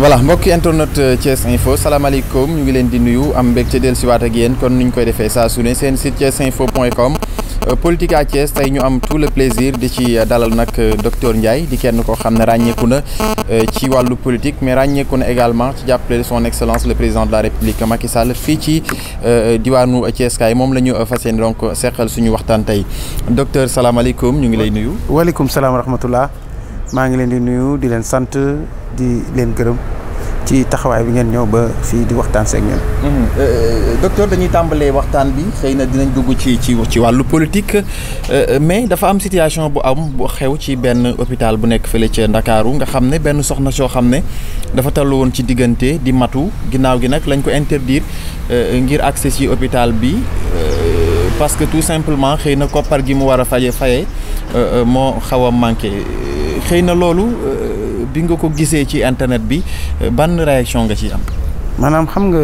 voilà mbokki internet euh, Thiès Info salaamaaleykum ñu ngi leen di nuyu am mbég ci dellusiwaat ak yéen kon ni ñu koy defee saa su ne seen site thiesinfo.com euh, politique à Thiès tey ñu am tout le plaisir di ci euh, dalal nag docteur Ndiaye di kenn koo xam ne ràññeeku na ci wàllu politique mais ràññeeku na également ci jàppale son excellence le président de la république Macky Sall fii ci diwaanu Thiès moom la ñu fas yéene donc seqal suñu waxtaan tey docteur salaamaaleykum ñu ngi lay nuyu. waaleykum salaam wa rahmatullah maa ngi leen di nuyu di leen sant di leen gërëm ci taxawaay bi ngeen ñëw ba fii di waxtaan seeg ñun. Mhm. Euh, euh, docteur dañuy tàmbalee waxtaan bi xëy na dinañ dugg ci ci ci wàllu politique euh, mais dafa am situation bu am bu xew ci benn hôpital bu nekk fële ca Ndakaaru nga xam ne benn soxna soo xam ne dafa tallu woon ci diggante di matu ginnaaw gi nag lañ ko interdire ngir accès ci hôpital bi parce que tout simplement xëy na koppar gi mu war a faye faye moo xaw a manqué. xëy na loolu euh, bi nga ko gisee ci internet bi euh, bann réaction nga ci am. maanaam xam nga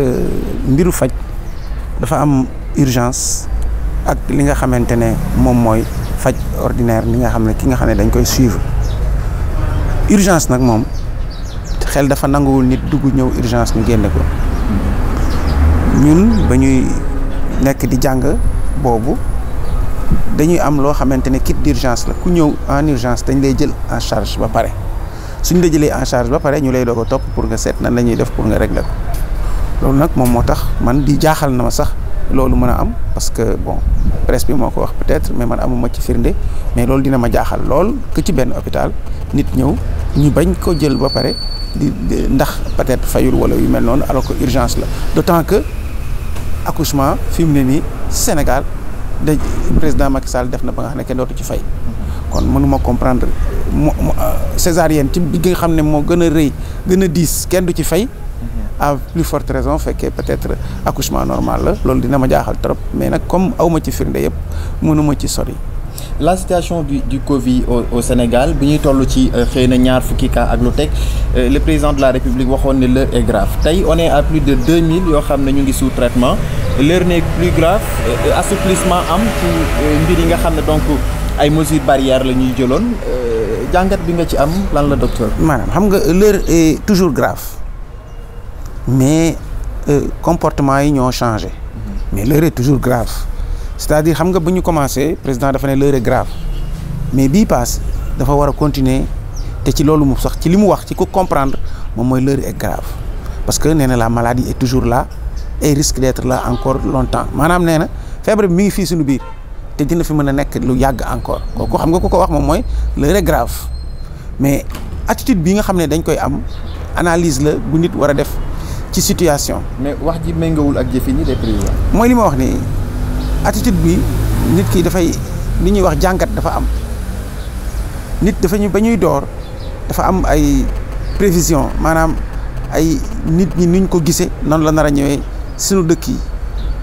mbiru faj dafa am urgence ak li nga xamante ne moom mooy faj ordinaire li nga xam ne ki nga xam ne dañ koy suivre urgence nag moom xel dafa nanguwul nit dugg ñëw urgence ñu génn ko hmm. ñun ba ñuy nekk di jàng boobu. dañuy am loo xamante ne kit d'urgence la ku ñëw en urgence dañ lay jël en charge ba pare suñ la jëlee en charge ba pare ñu lay doog a topp pour nga seet nan la ñuy def pour nga régler ko loolu nag moom moo tax man di jaaxal na ma sax loolu mën a am parce que bon presse moo ko wax peut-être mais man amuma ci firnde mais loolu dina ma jaaxal lool que ci benn hôpital nit ñëw ñu bañ ko jël ba pare di ndax peut-être fayul wala yu mel noonu alors que urgence la d'autant que accouchement fi mu ne nii Sénégal. de président Macky Sall def na ba nga xam ne kenn dootu ci fay. kon mënuma comprendre mu mu euh, césarienne ci bi nga xam ne moo gën a rëy gën a diis kenn du ci fay. à plus forte raison fekkee peut-être accouchement normal la loolu dina ma jaaxal trop mais nag comme awma ci firnde yëpp mënuma ci sori. la situation du du Covid au, au Sénégal bi ñuy toll ci euh, xëy na ñaar fukki cas ak lu teg euh, le président de la République waxoon ne l'heure est grave tey on est à plus de yoo xam ne ñu ngi sous traitement l'heure n'est plus grave euh, assouplissement am ci mbir yi nga xam ne donc ay mesures barrières la ñuy jëloon jàngat bi nga ci am lan la docteur. maanaam xam nga l'heure est toujours grave mais euh, comportement yi ñoo changé mm-hmm. mais l'heure est toujours grave. c'est-à-dire xam nga bu ñu commencé président dafa ne l'heure grave mais bii paas dafa war a continuer te ci loolu mu sax ci li mu wax ci ko comprendre moom mooy l'heure est grave parce que nee na la maladie est toujours là et risque d'être là encore longtemps maanaam nee na feebar mi ngi fii suñu biir te dina fi mën a nekk lu yàgg encore kooku xam nga ku ko wax moom mooy l'heure est mais attitude bi nga xam ne dañ koy am analyse la bu nit war a def ci situation. mais wax ji méngawul ak jëfin yi des mooy li ma wax nii. attitude bi nit ki dafay li ñuy wax jàngat dafa am nit dafa ñu ba ñuy door dafa am ay prévision maanaam ay nit ñi nuñ ko gisee noonu la nar a ñëwee sunu dëkk yi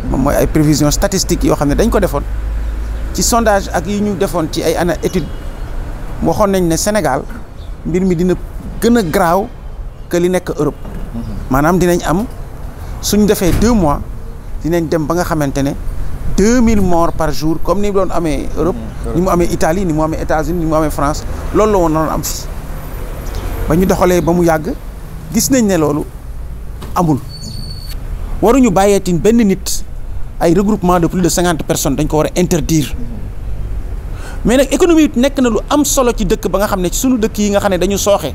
moom mooy ay prévision statistique yoo xam ne dañ ko defoon ci sondage ak yi ñu defoon ci ay ana étude waxoon nañ ne Sénégal mbir mi dina gën a graaw que li nekk Europe mhm. maanaam dinañ am suñu defee deux mois dinañ dem ba nga xamante ne deux mille morts par jour comme ni mu doon amee mm, Europe ni mu amee Italie ni mu amee États-Unis ni mu amee France loolu la woon noonu am fi ba ñu doxalee ba mu yàgg gis nañ ne loolu amul waruñu bàyyeetin benn nit ay regroupement de plus de cinquante personne dañ ko war a interdire mais nag économie nekk na lu am solo ci dëkk ba nga xam ne ci sunu dëkk yi nga xam ne dañu sooxe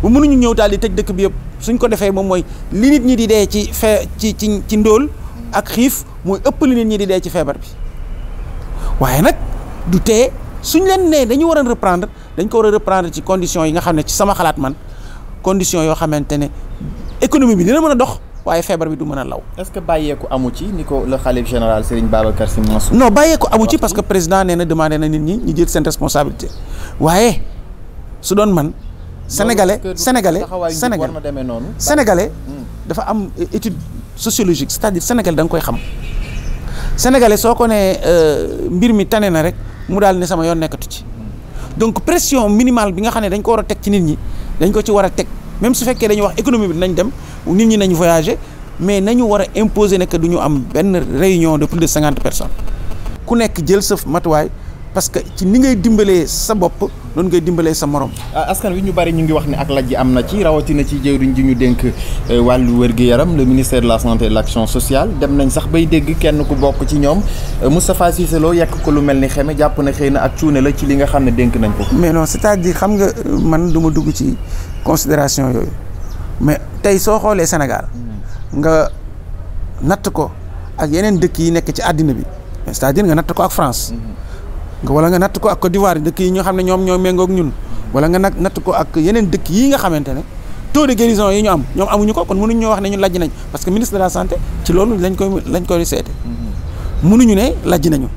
bu mënuñu ñëw daal di tëj dëkk bi yëpp suñ ko defee moom mooy li nit ñi di dee ci ci ci ci ndóol ak xiif mooy ëpp li nit ñi di dee ci feebar bi waaye nag du tee suñ leen nee dañu war a reprendre dañ ko war a reprendre ci conditions yi nga xam ne ci sama xalaat man conditions yoo xamante ne économie bi dina mën a dox waaye feebar bi du mën a law. est-ce que bàyyeeku amu ci ni ko le xalif général Serigne Babacar Sy Mansour. non bàyyeeku amu ci parce que président nee na demandé na nit ñi ñu jël seen responsabilité waaye su doon man. sénégalais sénégalais sénégalais sénégalais hmm. dafa am étude sociologique c'est-à-dire da nga koy xam. sénégalais soo ko nee euh, mbir mi tane na rek mu daal ni sama yoon nekkatu ci donc pression minimale bi nga xam ne dañ ko war a teg ci nit ñi dañ ko ci war a teg même su fekkee dañuy wax économie bi nañ dem nit ñi nañ voyager mais nañu war a imposer ne que du ñu am benn réunion de plus de cinquante personnes ku nekk jël sa matuwaay parce que ci ni ngay dimbalee sa bopp. noonu ngay dimbalee sa morom. Ah, askan wi ñu bari ñu ngi wax ni ak laj ji am na ci rawatina ci jëwriñ ji ñu dénk eh, wàllu wér-gu-yaram le ministère de la santé et de l'action sociale dem nañ sax bay dégg kenn ku bokk ci ñoom eh, Moustapha Cissé yekk ko lu mel ni xeme jàpp na xëy na ak cuune la ci li nga xam ne dénk nañ ko. mais non c'est-à-dire xam nga euh, man du ma dugg ci considération yooyu mais tey soo xoolee senegal hmm. nga natt ko ak yeneen dëkk yi nekk ci àddina bi c'est-à-dire nga natt ko ak France. Hmm. nga wala nga natt ko ak Côte d'Ivoire dëkk yi nga xam ne ñoom ñoo méngoog ñun wala nga nag natt ko ak yeneen dëkk yi nga xamante ne taux de guérison yi ñu am ñoom amuñu ko kon mënuñu ñoo wax nañu ñun lajj nañ parce que ministre de la santé ci loolu lañ koy lañ koy seete mënuñu ne lajj nañu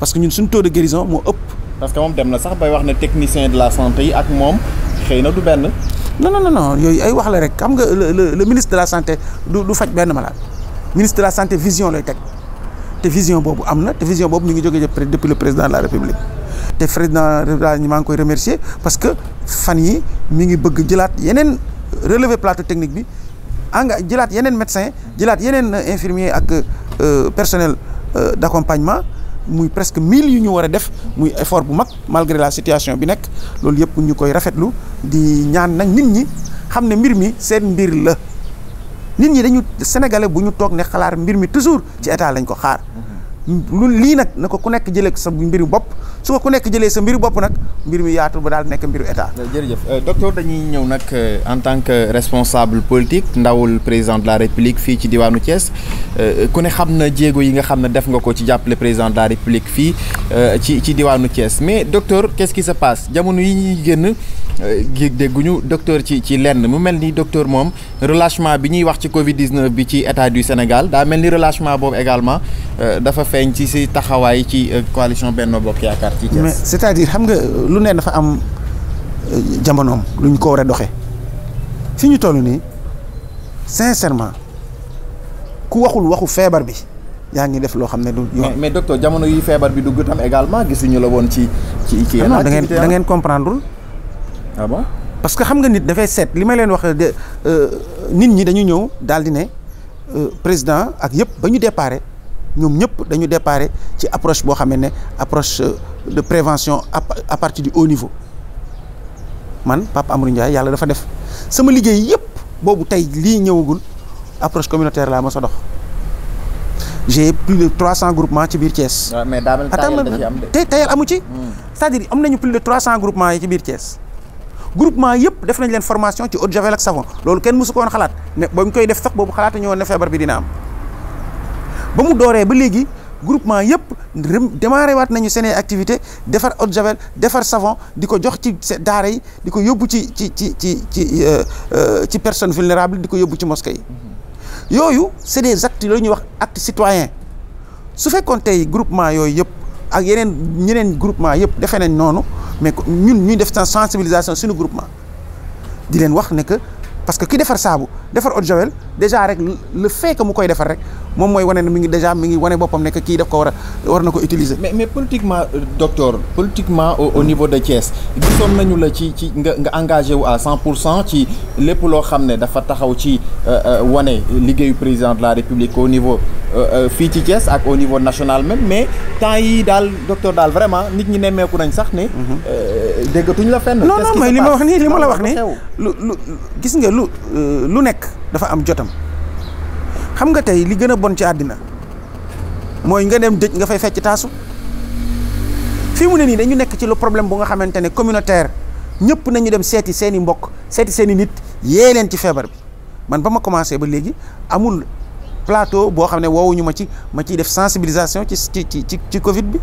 parce que ñun suñu taux de guérison moo ëpp parce que moom dem na sax bay wax ne technicien de la santé yi ak moom xëy na du benn non non non yooyu ay wax la rek xam nga le ministre de la santé du du faj benn malade ministre de la santé vision lay teg te vision boobu am na te vision boobu mi ngi jógee depuis le président de la république te président ñi maa ngi koy remercier parce que fan yi mi ngi bëgg jëlaat yeneen relevé plateau technique bi enga ah jëlaat yeneen médecin jëlaat yeneen infirmier ak euh, personnel euh, d'accompagnement muy presque mille yu ñu war a def muy effort bu mag malgré la situation bi nekk loolu yëpp ñu koy rafetlu di ñaan nag nit ñi xam ne mbir mi seen mbir la nit ñi dañu sénégalais bu ñu toog ne xalaat mbir mi toujours ci état lañ ko xaar mm-hmm. lu lii nag na ko ku nekk jëlee sa mbiru bopp su ko ku nekk jëlee sa mbiru bopp nag mbir mi yaatu ba daal nekk mbir état. Euh, jërëjëf euh, docteur dañuy ñëw nag euh, en tant que responsable politique ndawul président de la république fii ci diwaanu Thiès ku ne xam na jéego yi nga xam ne def nga ko ci jàppale président de la république fii ci ci diwaanu Thiès mais docteur qu'est-ce qui jamono yi ñuy génn dégguñu docteur ci ci lenn mu mel ni docteur moom relâchement bi ñuy wax ci Covid bi ci état du Sénégal daa mel ni relagement boobu également dafa feeñ ci si taxawaay ci coalition benn Bokk Yaakaar. mais c'est-à-dire xam nga euh, lu ne dafa am euh, jamonoom lu ñu ko war a doxe fi ñu toll nii sincèrement ku waxul waxu feebar bi yaa ngi def loo xam ne du. mais mais docteur jamono yi feebar bi dugg tam également gisuñu la woon ci ci ci. Ah dangeen ngeen da ngeen comprendre. ah parce que xam nga nit dafay seet li may leen wax de euh, nit ñi dañu ñëw daal di ne président ak yëpp ba ñu déparé. ñoom ñëpp dañu déparé ci approche boo xam ne approche euh, de prévention à partir du haut niveau man Pape am Ndiaye yàlla dafa def sama liggéey yëpp boobu tey lii ñëwagul approche communautaire laa ma sa dox j'ai plus de 300 groupements ci biir Thiès. waaw mais tey tayal amu ci. Hmm. c'est-à-dire am nañu plus de 300 groupements yi ci biir Thiès. groupement yëpp def nañ leen formation ci eau de javel ak savon loolu kenn mësu ko woon xalaat ne ba ñu koy def sax boobu xalaat bi dina am. ba mu dooree ba léegi groupement yëpp démarré waat nañu seen activité defar eau de javel defar savon di ko jox ci daara yi di ko yóbbu ci ci ci ci ci euh, euh, ci personne vulnérable di ko yóbbu ci mosquée yi mm-hmm. yooyu c'est des actes la ñuy wax acte citoyen su fekkoon tey groupement yooyu yëpp ak yeneen ñeneen groupement yëpp defee nañ noonu mais ñun ñuy def seen sensibilisation suñu groupement di leen wax ne que parce que ki defar saabu defar eau de javel déjà rek le fait mu koy defar rek moom mooy wane na mi ngi déjà mi ngi wane boppam ne ki kii ko war na ko utiliser. mais mais politiquement euh, docteur politiquement au, au niveau de Thiès gisoon nañu la ci ci nga nga engagé wu à 100 pour cent ci lépp loo xam ne dafa taxaw ci euh, euh, wane liggéeyu président de la République au niveau fii ci Thiès ak au niveau national même mais temps yi daal docteur daal vraiment nit ñi nemmeeku nañ sax ne. Mhm. déggatuñ la fenn. non non mooy li ma wax nii li ma la wax nii lu lu gis nga lu euh, lu nekk dafa am jotam xam nga tey li gën a bon ci àddina mooy nga dem dëj nga fay fecc taasu fii mu ne nii dañu nekk ci lu problème bu nga xamante ne communautaire ñëpp nañu dem seeti seen i mbokk seeti seen i nit yee leen ci feebar bi man ba ma commencé ba léegi amul plateau boo xam ne woowuñu ma ci ma ciy def sensibilisation ci ci ci ci Covid bi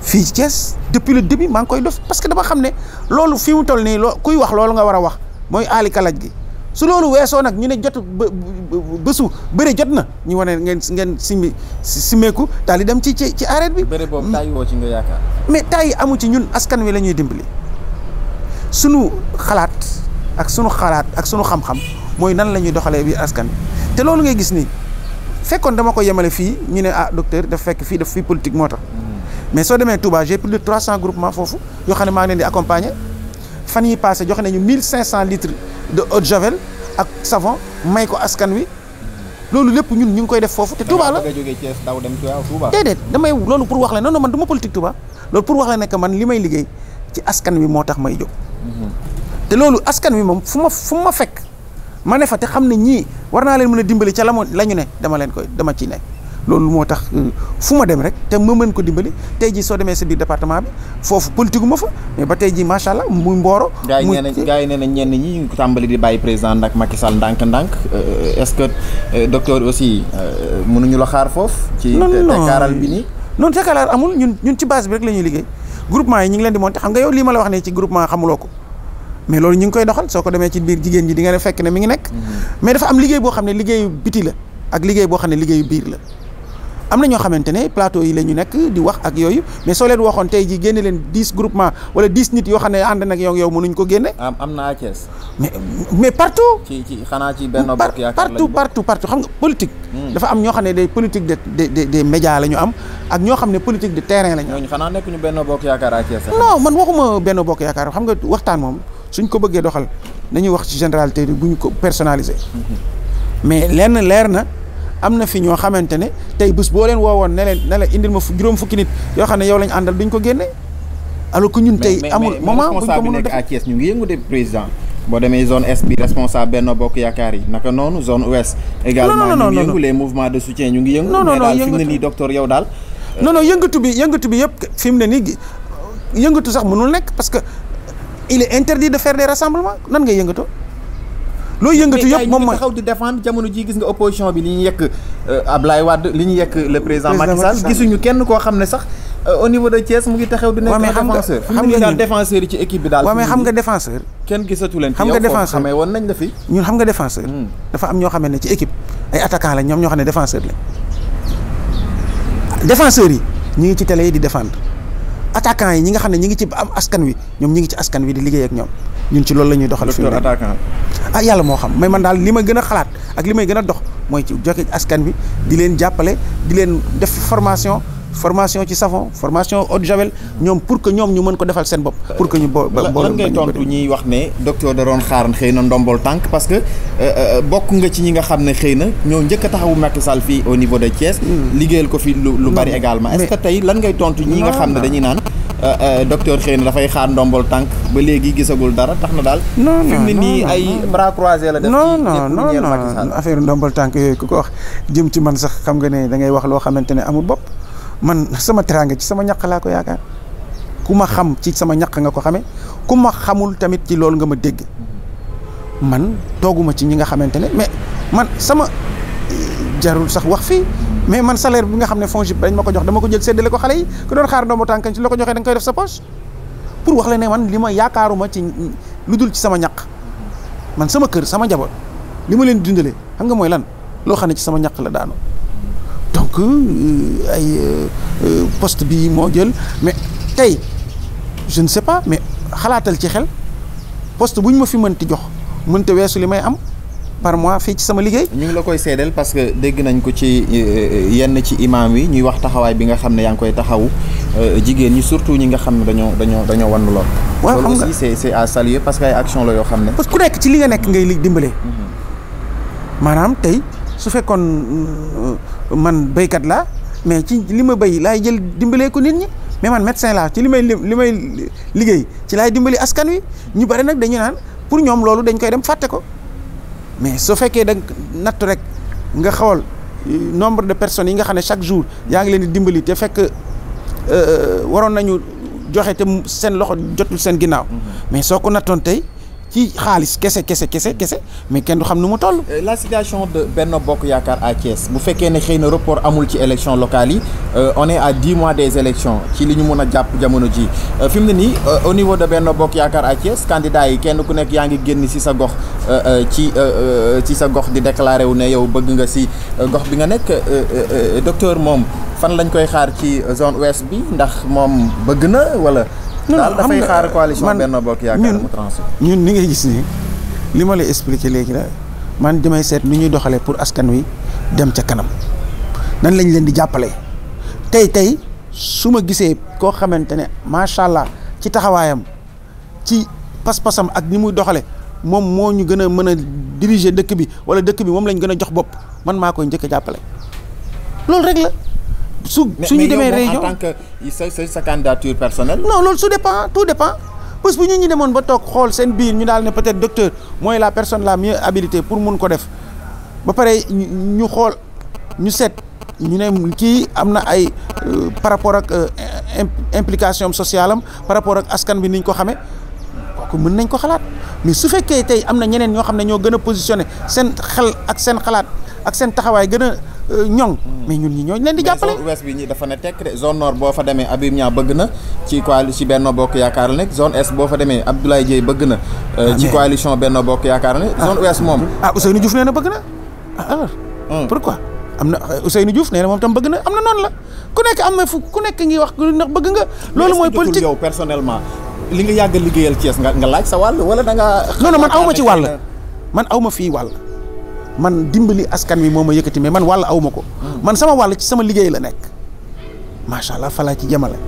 fii ci Thiès depuis le début maa ngi koy def parce que dama xam ne loolu fi mu toll nii loo kuy wax loolu nga war a wax mooy aali gi su loolu weesoo nag ñu ne jot bësu bëre jot na ñu wane ngeen ngeen simi simeeku daal di dem ci ci ci arrêt bi. bëre boobu taay woo ci nga yaakaar. mais taay yi amu ci ñun askan wi la ñuy dimbali sunu xalaat ak sunu xalaat ak sunu xam-xam mooy nan la ñuy doxalee bi askan te loolu ngay gis nii fekkoon dama ko yemale fii ñu ne ah docteur daf fekk fii daf fii politique moo tax. mais soo demee Touba j'ai plus de 300 groupements foofu yoo xam ne maa ngi leen di accompagner fan yi passé joxe nañu mille litres de litre de javel ak savon may ko askan wi loolu lépp ñun ñu ngi koy def foofu te Touba la déedéet damay loolu pour wax la non non man du ma politique Touba loolu pour wax la nekk man li may liggéey ci askan wi moo tax may jóg mhm. te loolu askan wi moom fu ma fu ma fekk ma ne fa te xam ne ñii war naa leen mën a dimbali ca la la ñu ne dama leen koy dama ciy nekk loolu moo tax euh, fu ma dem rek te ma mën ko dimbali tey jii soo demee si biir département bi foofu politique ma fa mais ba tey jii macha allah muy mbooro. muy gars yi nee na ñenn ñi ñu tàmbali di bàyyi président nag Macky Sall ndànk-ndànk euh, est-ce que euh, docteur aussi mënuñu la xaar foofu. ci tekkaaral bi nii non tekkaaral amul ñun ñun ci base bi rek la ñuy liggéey groupement yi ñu ngi leen di monté xam nga yow lii ma la wax ne ci groupement xamuloo ko. mais loolu ñu ngi koy doxal soo ko demee ci biir jigéen ñi di nga ngi nekk. Mhm. mais am liggéey boo xam ne liggéeyu biti la ak liggéey boo xam ne liggéeyu biir la. am na ñoo xamante ne plateau yi la ñu nekk di wax ak yooyu mais soo leen waxoon tey ji génne leen dix groupement wala dix nit yoo xam ne ànd nag yow yow mënuñ ko génne. am na Thiès. mais mais partout. ci xanaa ci benn bokk yaakaar partout partout partout xam nga politique. Hmm. dafa am ñoo xam ne des politique de de la ñu am ak ñoo xam ne politique de terrain la ñu am. ñooñu nekk ñu benn bokk yaakaar ak Thiès. non man waxuma benn bokk yaakaar xam nga waxtaan moom suñ ko bëggee doxal nañuy wax ci généralité bi bu ko personnalisé hmm. mais lenn leer na am na fi ñoo xamante ne tey bés boo leen woowoon ne leen ne ma juróom fukki nit yoo xam ne yow lañ àndal duñ ko génne alors que ñun tey amul moment buñ ko mën a def à Thiès ñu ngi yëngu de président boo demee zone est bi responsable Benno Bokk Yaakaar yi ñu ngi yëngu les mouvements de soutien ñu ngi yëngu mais daal fi euh, bi yëpp fi mu ne nii yëngatu sax mënul nekk parce que il est interdit de faire des rassemblements nan ngay yëngatoo looy yëngatu yëpp moom mooy taxaw di défendre jamono ji gis nga opposition bi li ñu yekk euh, Ablaye Wade li ñu yekk le président Macky gisuñu kenn koo xam ne sax euh, au niveau de Thiès mu ngi taxaw di nekk xam nga daal défenseur yi ci équipe bi daal waaw mais xam nga défenseur kenn gisatu leen xam nga défenseur xamee woon nañ la fi xam nga défenseur hmm. dafa am ñoo xamee ne ci équipe ay attaquant lañ ñoom ñoo xam ne défenseur lañ yi ñu ngi ci télé yi di défendre attaquant yi ñi nga xam ne ñu ngi ci am askan wi ñoom ñu ngi ci askan wi di liggéey ak ñoom ñun ci loolu la ñuy doxal. fi ah yàlla moo xam mais man daal li ma gën a xalaat ak li may gën a dox mooy ci joxe askan bi di leen jàppale di leen def formation formation ci savon formation eau de ñoom pour que ñoom ñu mën ko defal seen bopp. pour que ñu bo lan ngay tontu ñuy wax ne docteur da doon xaar xëy na ndombol tànk parce que euh, euh, bokk nga ci ñi nga xam ne xëy na ñoo njëkk a taxawu Macky Sall fii au niveau de Thiès. Hmm. liggéeyal ko fi lu lu bari également. est-ce que tey lan tontu ñi nga xam ne dañuy naan. Euh, euh, docteur xëy na dafay xaar ndombol tànk ba léegi gisagul dara tax na daal. non non non fi mu ne nii ay bras croisés la. def non non non affaire ndombol tànk yooyu ku ko wax jëm ci man sax xam nga ne da ngay wax loo xamante ne amul bopp man sama teraanga ci sama ñaq laa ko yaakaar ku ma xam ci sama ñaq nga ko xamee ku ma xamul tamit ci loolu nga ma dégg man tooguma ci ñi nga xamante ne mais man sama eh, jarul sax wax fii. mais man salaire bi nga xam ne FONGIP dañ ma ko jox dama ko jël séddale ko xale yi ku doon xaar doomu tànkan ci la ko joxee da nga koy def sa poche pour wax la ne man li ma yaakaaruma ci lu dul ci sama ñaq man sama kër sama njaboot li ma leen dindale xam nga mooy lan loo xam ne ci sama ñaq la daanu donc euh, ay euh, euh, poste bi moo jël mais tey je ne sais pas mais xalaatal ci xel poste bu ñu ma fi mënti jox mënta weesu li may am. par mois fii ci sama liggéey. ñu ngi la koy seedeel parce que dégg nañ ko ci euh, euh, yenn ci imaam yi ñuy wax taxawaay bi nga xam ne yaa ngi koy taxawu euh, jigéen ñi surtout ñi nga xam ne dañoo dañoo dañoo wan lool. waaw xam nga loolu aussi c'est à saluer parce que ay action xam ne. parce que ku nekk ci li nga mm-hmm. tey su fekkoon man béykat laa mais ci li ma béy laay jël dimbalee ko nit ñi. mais man médecin laa ci li may li may liggéey ci dimbali askan wi ñu bari nag dañu naan pour ñoom loolu dañ koy dem fàtte ko mais su fekkee da natt rek nga xawal nombre de personnes yi nga xam ne chaque jour yaa ngi leen di dimbali te fekk euh, waroon nañu joxe te seen loxo jotul seen ginnaaw mm-hmm. mais soo ko nattoon tey ci xaalis kese kese kese kese mais kenn du xam nu mu toll. Euh, la situation de benn Bokk Yaakaar à bu fekkee ne xëy na report amul ci élection locale yi euh, on est à dix mois des élections ci li ñu mën a jàpp jamono ji euh, fi mu ne nii euh, au niveau de benn Bokk Yaakaar à Thiès yi kenn ku nekk yaa ngi génn si sa gox ci ci sa gox di déclaré wu ne yow bëgg nga si gox bi nga nekk docteur moom fan lañ koy xaar ci zone ouest bi ndax moom bëgg na wala. daal dafay xaar coalition Benno Bokk Yaakaar mu tranché ñun ni ngay gis nii li ma lay expliqué léegi la man damay seet nu ñuy doxalee pour askan wi dem ca kanam nan lañ leen di jàppale tey tey su ma gisee koo xamante ne macha allah ci taxawaayam ci pas-pasam ak ni muy doxale moom moo ñu gën a mën a diriger dëkk bi wala dëkk bi moom lañ gën a jox bopp man maa koy njëkk a jàppale loolu rek la. su suñu demee région en tant que c'est sa candidature personnelle. non loolu su dépend tout dépend parce bu ñu ñu demoon ba toog xool seen biir ñu daal ne peut docteur mooy la personne la mieux habilitée pour mun ko def ba pare ñu xool ñu seet ñu ne kii am na ay euh, par rapport ak euh, implication sociale am par rapport ak askan bi ni ñu ko xamee kooku mën nañ ko xalaat mais su fekkee tey am na ñeneen ñoo xam ne ñoo gën a positionné seen xel ak seen xalaat ak seen taxawaay gën a. ñoŋ. mais ñun ñi ñooñu leen di jàppale. mais zone ouest bi ne tekk de zone nord boo fa demee Habib Niang bëgg na ci coalition Benno Bokk Yaakaar la nekk zone est boo fa demee Abdoulaye Dieye bëgg na. Euh, ci ah, coalition Benno Bokk Yaakaar la nekk moom. Ah, ah Ousseynou Diouf nee na bëgg na ah, alors. Hmm. am na euh, Ousseynou Diouf nee na moom tam bëgg na am na noonu la ku nekk am na fu ku nekk ngi wax ndax bëgg nga. loolu mooy politique yow personnellement li nga yàgg liggéeyal Thiès nga laaj sa wàll wala da nga. non man aw ma ci wàll man aw ma fii wàll man dimbali askan wi moom ma yëkkati mais man wàll awma ko hmm. man sama wàll ci sama liggéey la nekk macha allah falaa ci jamale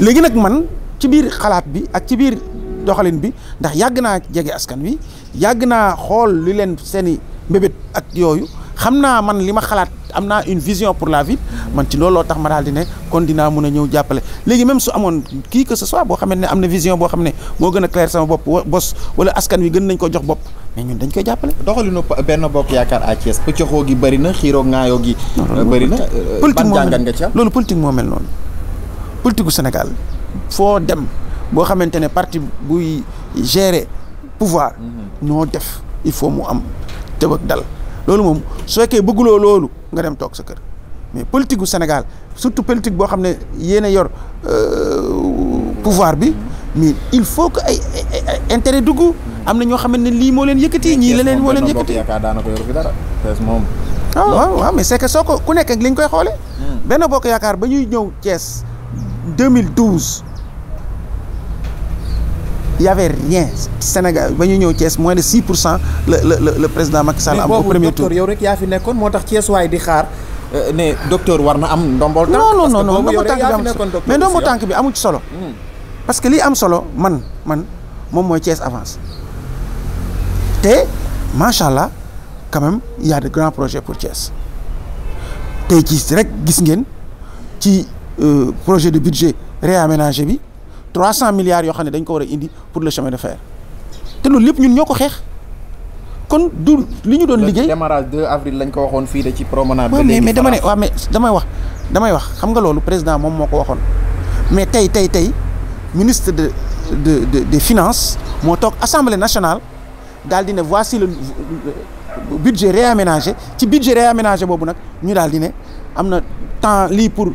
léegi nag man ci biir xalaat bi ak ci biir doxalin bi ndax yàgg naa jege askan wi yàgg naa xool li leen seeni mbébét ak yooyu xam naa man li ma xalaat am naa une vision pour la ville man ci looloo tax ma daal di ne kon dinaa mun a ñëw jàppale léegi même su amoon kii que ce soit boo xamante ne am na vision boo xam ne moo gën a clair sama bopp bos wala askan wi gën nañ ko jox bopp mais dañ koy jàppale. doxalinu benn bokk yaakaar à Thiès pëccëxoo gi bëri na xiiroo ŋaayoo gi. Euh, bëri na euh, ban jàngat nga ci loolu politique moo mel noonu. politique Sénégal foo dem boo xamante ne parti buy gérer pouvoir. ñoo mhm. def il faut mu am tëb ak dal. loolu moom soo fekkee bëgguloo loolu nga dem toog sa kër mais politique gu Sénégal surtout politique boo xam ne yéen a yor euh, pouvoir bi mais il faut que ay intérêt dugg. am na ñoo xamante ne lii moo leen yëkkati ñii la leen moo leen yëkkati yaakaar daana ko yoru fi ah, waaw mais c'est que soo ko ku nekk ak li ñu koy xoole hmm. benn bokk yaakaar ba ñuy ñëw Cees 2012 y avait rien Sénégal ba ñu ñëw Thiès moins de 6 pour cent la la la le président Macky Sall am au premier tour yow rek yaa fi nekkoon moo tax Thiès waay di xaar euh, ne docteur war na am ndombol tànk non non non ndombo tànk bi am mais bi amul ci solo hmm. parce que lii am solo man man moom mooy Thiès avance te macha allah quand même il y de grands projets pour Thiès tey ci rek gis ngeen ci euh, projet de budget réaménagé bi trois cent milliards yoo xam ne dañ ko war a indi pour le chemin de fer te loolu lépp ñun ñoo ko xeex kon du li ñu doon liggéey démarrage 2 lañ ko waxoon fii de ci promenade. ba léegi mais dama ne waaw damay wax damay wax xam nga loolu président moom moo ko waxoon mais tey tey tey ministre de de de des finances moo toog assemblée nationale. daal di ne voici le budget réaménagé ci budget réaménagé boobu nag ñu daal di ne am na temps lii pour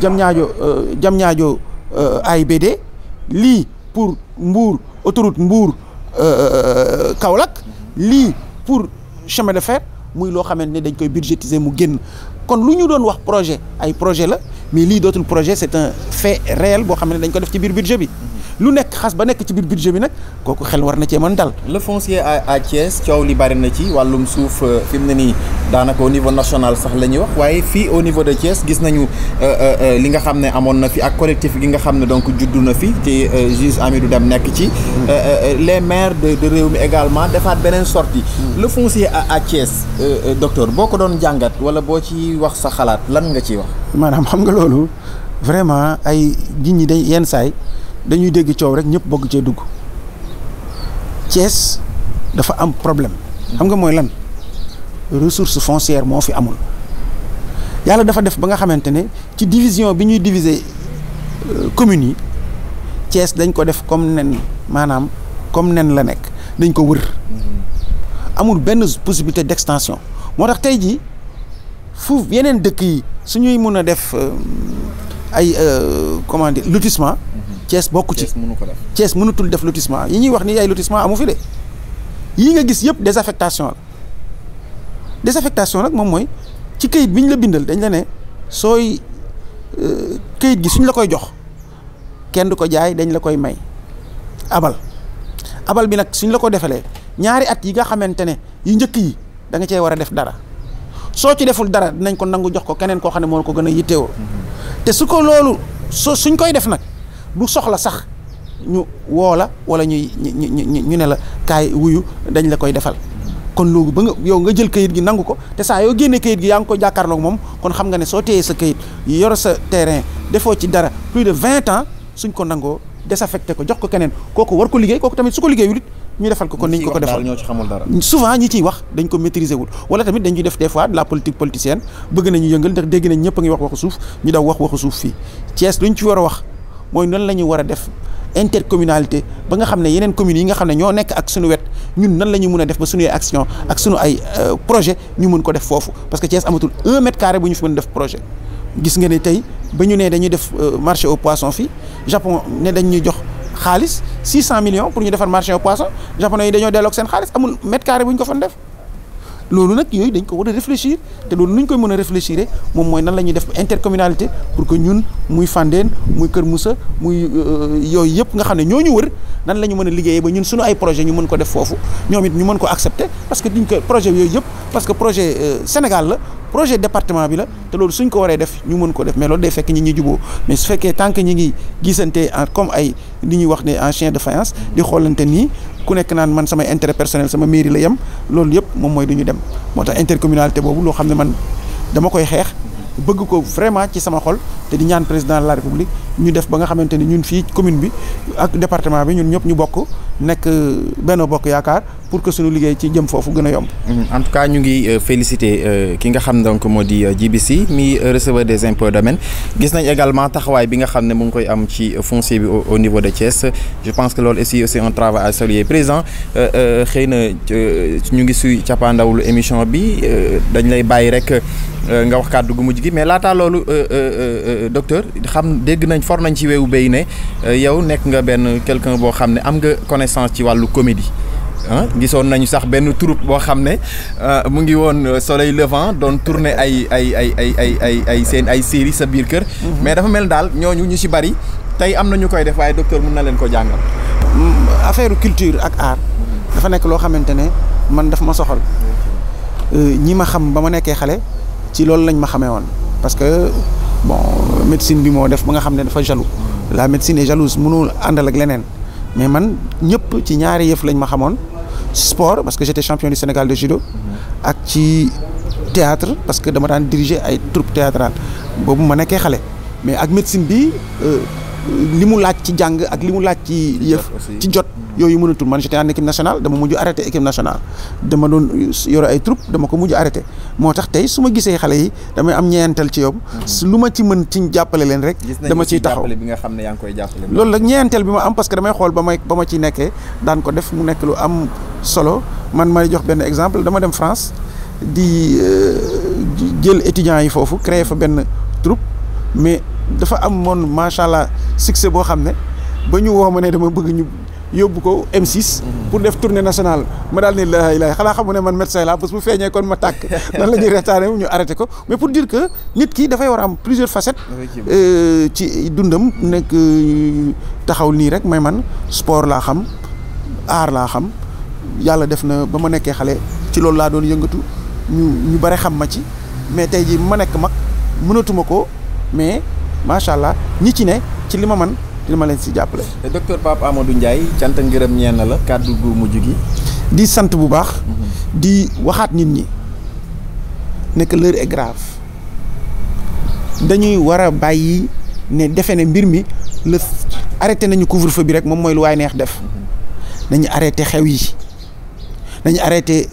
jam euh, ñaajo Diamniadio euh, Diamniadio euh, AIBD lii pour Mbour autoroute Mbour Kaolack lii pour chemin de fer muy loo xamante ne dañ koy budgétiser mu génn kon lu ñu doon wax projet ay projet la mais lii dootul projet c'est un fait réel boo xam ne dañ ko def ci biir budget bi lu nekk xas ba nekk ci biir budget bi nag kooku xel war na cee man dal. le foncier à à coow li bari na ci wàllum suuf euh, fi mu ne nii daanaka au niveau national sax la ñuy wax waaye fii au niveau de Thiès gis nañu euh, euh, li nga xam ne amoon na fi ak collective gi nga xam ne donc juddu na fi te juge Amidou dem nekk ci. Mm. les maires de réew mi également defaat beneen sortie mm. le foncier à à Thiès docteur boo ko doon jàngat wala boo ci wax sa xalaat lan nga ciy wax. maanaam xam nga loolu vraiment ay nit ñi day yenn dañuy dégg coow rek ñëpp bëgg cee dugg Thiès dafa am problème xam nga mooy lan ressource foncière moo fi amul yàlla dafa def ba nga xamante ne ci division bi ñuy diviser euh, communes yi Thiès dañ ko def comme nen maanaam comme nen la nekk dañ ko wër amul benn possibilité d'extension moo tax tey jii fu yeneen dëkk yi su ñuy mun a def euh, ay euh, comment dire lotissement Thiès bokku ci Thiès mënutul def lotissement yi ñuy wax ni ay lotissement amu fi de yii nga gis yëpp désaffectation la désaffectation nag moom mooy ci kayit bi ñu la bindal dañ la ne sooy euh, kayit gi suñ la koy jox kenn du ko jaay dañ la koy may abal abal bi nag suñ la ko defalee ñaari at yi nga xamante ne yi njëkk yi danga cee war a def dara soo ci deful dara dinañ ko nangu jox ko keneen koo xam ne moo ko gën a yittewoo mm-hmm. te su ko loolu so suñ koy def nag bu soxla sax ñu woo la wala ñuy ñu ñu ne la kaay wuyu dañ la koy defal kon loolu ba nga yow nga jël kayit gi nangu ko te saa yoo génnee kayit gi yaa ngi ko jàkkaarloog moom kon xam nga ne soo téyee sa kayit yor sa terrain defoo ci dara plus de vingt ans suñ ko nangoo désaffecté ko jox ko keneen kooku war ko liggéey kooku tamit su ko liggéeyul it ñu defal ko kon niñ ko ko defal souvent ñi ciy wax dañ ko maîtriser wul wala tamit dañuy def des fois de la politique politicienne bëgg nañu yëngal ndax dégg ñëpp a ngi wax waxu suuf fii Thiès luñ ci war a wax mooy nan la ñu war a def intercommunalité ba nga xam ne yeneen commune yi nga xam ne ñoo nekk ak suñu wet ñun nan la ñu mun a def ba suñuy action ak suñu ay euh, projet ñu mun ko def foofu parce que Thiès amatul un mètre carré bu ñu fi mën def projet gis nga ne tey ba ñu nee dañuy def euh, marché au poisson fii Japon ne dañ ñuy jox xaalis 600 millions pour ñu defar marché au poisson japonais yi dañoo delloo ak seen xaalis amul mètre carré bu ñu ko fon def loolu nag yooyu dañ ko war a réfléchir te loolu nu ñu koy mën a réfléchir moom mooy nan la ñuy def intercommunalité pour que ñun muy Fandène muy Kër Moussa muy euh, yooyu yëpp nga xam ne ñoo ñu war nan la ñu mën a liggéeyee ba ñun suñu ay projet ñu mën ko def foofu ñoom it ñu mën ko accepter parce que duñ ko projet yooyu yëpp parce que projet euh, Sénégal la projet département bi la te loolu suñ ko waree def ñu mën ko def mais loolu day fekk ñi ñuy juboo mais su fekkee tant que ñi ngi gisante comme ay li ñuy wax ne en chien de faïence di xoolante nii ku nekk naan man sama intérêt personnel sama mairie la yem loolu yëpp moom mooy du ñu dem moo tax intercommunalité boobu loo xam ne man dama koy xeex bëgg ko vraiment ci sama xol te di ñaan président la république ñu def ba nga xamante ni ñun fii commune bi ak département bi ñun ñëpp ñu bokk nekk benn Bokk Yaakaar pour que suñu liggéey ci jëm foofu gën a yomb. Mhm. en tout cas ñu ngi euh, féliciter euh, ki nga xam donc moo di euh, JBC mi receveur des impôts domaines gis nañ également taxawaay bi nga xam ne mu ngi koy am ci foncier bi au niveau de Thiès je pense que loolu aussi c'est un travail à saluer président xëy na ñu ngi suy cappaandawlu émission bi dañu lay bàyyi rek nga wax kàddu gu mujj gi mais laataa loolu docteur xam dégg nañ for nañ ci weewu béy ne yow nekk nga benn quelqu'un boo xam ne am nga connaissance ci wàllu comédie. ah gisoon nañu sax benn troupe boo xam ne euh, mu ngi woon euh, soleil levant doon tourner ay ay ay ay ay ay ay seen ay série sa biir kër. Mhm. mais dafa mel daal ñooñu ñu ci bari tey am na ñu koy def waaye docteur mën na leen ko jàngal. Mm, affaire culture ak art. dafa nekk loo xamante ne man dafa ma soxal. Euh, ñi ma xam ba ma nekkee xale ci loolu lañ ma xamee woon parce que bon médecine bi moo def ba nga xam ne dafa jaloux. la médecine est jalouse mënul àndal ak leneen mais man ñëpp ci ñaari yëf lañ ma xamoon. sport parce que j'étais champion du Sénégal de judo ak ci théâtre parce que dama daan dirigé ay troupe théâtrale boobu ma nekkee xale mais ak médecine bi euh, li mu laaj ci jàng ak li mu laaj ci yëf ci jot yooyu mënatul man j'étais en équipe nationale dama mujj arrêté équipe nationale dama doon yore ay troupe dama ko mujj arrêté moo tax tey su ma gisee xale yi damay am ñeeyantal ci yow hmm. lu ma ci mën ci jàppale leen rek dama ciy taxaw bi nga xam ne yaa ngi koy jàppale loolu nag ñeeyantal bi ma parce que damay xool ba may ba ma daan ko def mu nekk lu am solo man may jox benn exemple dama dem France euh, di jël étudiants yi foofu créer fa benn troupe mais dafa am moon macha allah succès boo xam ne ba ñu woo ma ne dama bëgg ñu yóbbu ko M6. pour def tournée nationale ma daal ne laa ilaaha xanaa xamu ne man médecin laa parce que feeñee kon ma tàkk. nan la ñuy retaane ñu arrêté ko mais pour dire que nit ki dafay war a am plusieurs facettes. Euh, ci dundam nekk euh, taxaw nii rek may man sport laa xam aar laa xam. yàlla def na ba ma nekkee xale ci loolu laa doon yëngatu ñu ñu bare xam ma ci mais tey jii ma nekk mag mënatuma ko mais macha allah ñi ci ne ci li ma man li ma leen si jàppale. docteur Pape Amadou Ndiaye cant ngërëm ñeen la kàddu gu mujj gi. di sant bu baax. Mm-hmm. di waxaat nit ñi ne que dañuy war a bàyyi ne defe ne mbir mi la arrêté nañu couvre-feu bi rek moom mooy lu waay neex def mm-hmm. nañu arrêté xew yi. nañu arrêté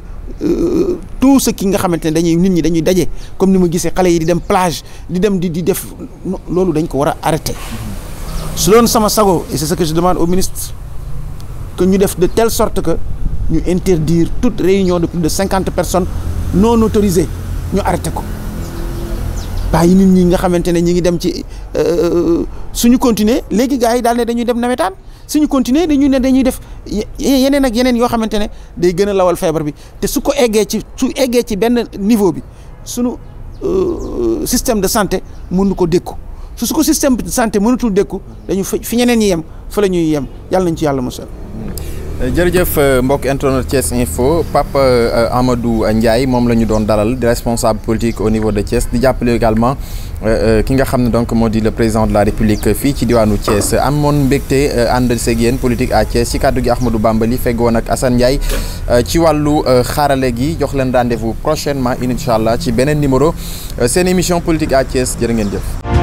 euh, tout ce qui nga xamante ne dañuy nit ñi dañuy daje comme ni ma gisee xale yi di dem plage di dem di di def loolu dañ ko war a arrêté su doon sama sago et c'est ce que je demande au ministre que ñu def de telle sorte que ñu interdire tout réunion de plus de cinquante personnes non autorisées ñu arrêté ko bàyyi nit ñi nga xamante ne ñi ngi dem ci euh, suñu continuer léegi gars yi daal ne dañuy dem nawetaan suñu continuer dañuy ne dañuy def yeneen ak yeneen yoo xamante ne day gën a lawal feebar bi te su ko eggee ci su eggee ci benn niveau bi suñu euh, système de santé mënu ko dékku su su ko système de santé mënatul dékku dañu fi ñeneen ñi yem fa la ñuy yem yàlla nañ ci yàlla mosal. Hmm. jërëjëf euh, mbokk internet Thiès Info Pape euh, Amadou Ndiaye moom lañu doon dalal di responsable politique au niveau de Thiès di jàppale également. Euh, euh, ki nga xam ne donc moo di le président de la république fii ci diwaanu Thiès amoon mbégte euh, ànd seeg yéen politique à Thiès ci kàddu gi Ahmadou Bambali feggoon ak Assane Ndiaye ci wàllu xarale gi jox leen rendez-vous prochainement incha allah ci beneen numéro seen émission politique à Thiès jërë ngeen jëf.